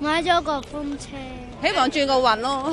買咗個風車，希望轉個運咯，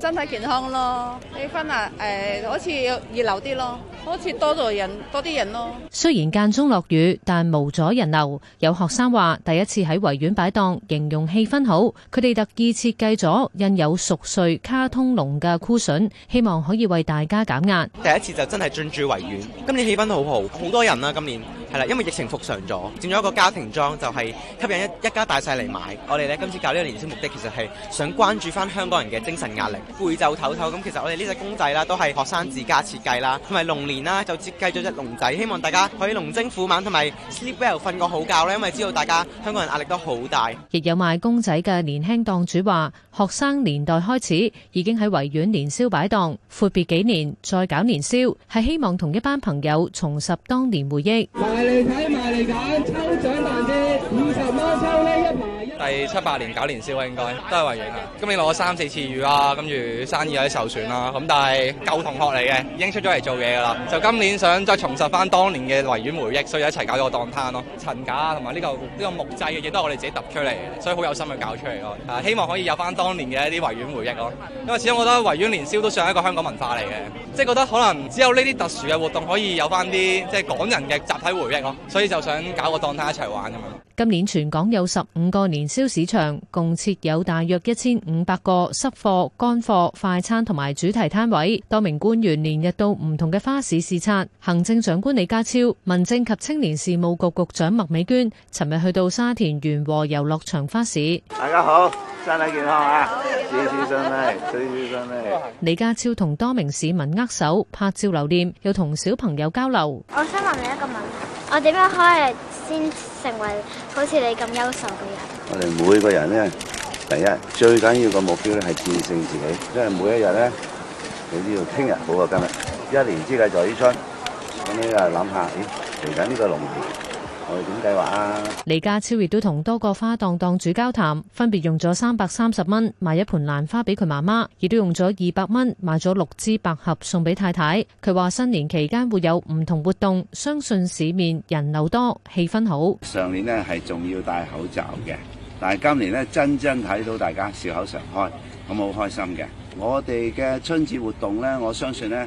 身體、哦、健康咯，氣氛啊，誒、呃，好似要熱鬧啲咯，好似多咗人，多啲人咯。雖然間中落雨，但無阻人流。有學生話，第一次喺維園擺檔，形容氣氛好。佢哋特意設計咗印有熟睡卡通龍嘅箍笋，希望可以為大家減壓。第一次就真係進駐維園，今年氣氛好好，好多人啊，今年。啦，因為疫情復常咗，整咗一個家庭裝，就係吸引一一家大細嚟買。我哋呢今次搞呢個年宵目的，其實係想關注翻香港人嘅精神壓力，攰就唞唞。咁其實我哋呢隻公仔啦，都係學生自家設計啦，同埋龍年啦就設計咗隻龍仔，希望大家可以龍精虎猛，同埋 sleep well，瞓個好覺啦。因為知道大家香港人壓力都好大。亦有賣公仔嘅年輕檔主話：學生年代開始已經喺維園年宵擺檔，闊別幾年再搞年宵，係希望同一班朋友重拾當年回憶。嚟睇埋嚟揀抽獎，但係，五十蚊抽。第七八年搞年宵應該都係維園啊！今年落咗三四次雨啦，跟住生意有啲受損啦。咁但係舊同學嚟嘅，已經出咗嚟做嘢噶啦。就今年想再重拾翻當年嘅維園回憶，所以一齊搞咗個檔攤咯。陳架同埋呢個呢、呢個木製嘅嘢都係我哋自己揼出嚟，所以好有心去搞出嚟咯。啊，希望可以有翻當年嘅一啲維園回憶咯。因為始終我覺得維園年宵都算係一個香港文化嚟嘅，即係覺得可能只有呢啲特殊嘅活動可以有翻啲即係港人嘅集體回憶咯，所以就想搞個檔攤一齊玩咁樣。今年全港有十五個年宵市場，共設有大約一千五百個濕貨、乾貨、快餐同埋主題攤位。多名官員連日到唔同嘅花市視察。行政長官李家超、民政及青年事務局局長麥美娟尋日去到沙田源禾遊樂場花市。大家好，身體健康啊！祝你順利，祝你順利。李家超同多名市民握手、拍照留念，又同小朋友交流。我想問你一個問題，我點樣開？先成為好似你咁優秀嘅人。我哋每個人咧，第一最緊要個目標咧係戰勝自己，因為每一日咧，你都要聽日好過今日，一年之計在於春，咁你就諗下，咦，嚟緊呢個龍年，我哋點計劃啊？李家超亦都同多個花檔檔主交談，分別用咗三百三十蚊買一盆蘭花俾佢媽媽，亦都用咗二百蚊買咗六支百合送俾太太。佢話新年期間會有唔同活動，相信市面人流多，氣氛好。上年呢係仲要戴口罩嘅，但係今年呢真真睇到大家笑口常開，咁好開心嘅。我哋嘅春節活動呢，我相信呢。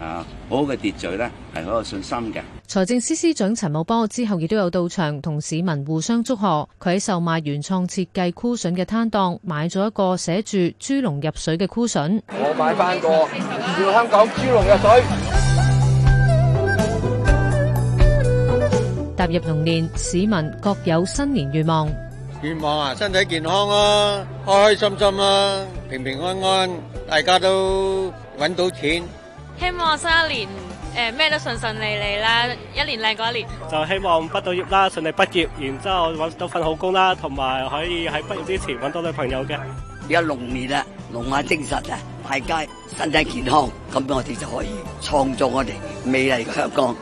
啊！好嘅秩序咧，係好有信心嘅。財政司司長陳茂波之後亦都有到場，同市民互相祝賀。佢喺售賣原創設計箍筍嘅攤檔買咗一個寫住“豬籠入水”嘅箍筍。我買翻個，要香港豬籠入水。踏入龍年，市民各有新年願望。願望啊，身體健康啊，開開心心啦，啊，平平安安，大家都搵到錢。希望新一年誒咩、呃、都順順利利啦，一年靚過一年。就希望畢到業啦，順利畢業，然之後搵到份好工啦，同埋可以喺畢業之前搵到女朋友嘅。一六年啦，龍馬精神啊，大家身體健康，咁我哋就可以創造我哋美麗嘅香港。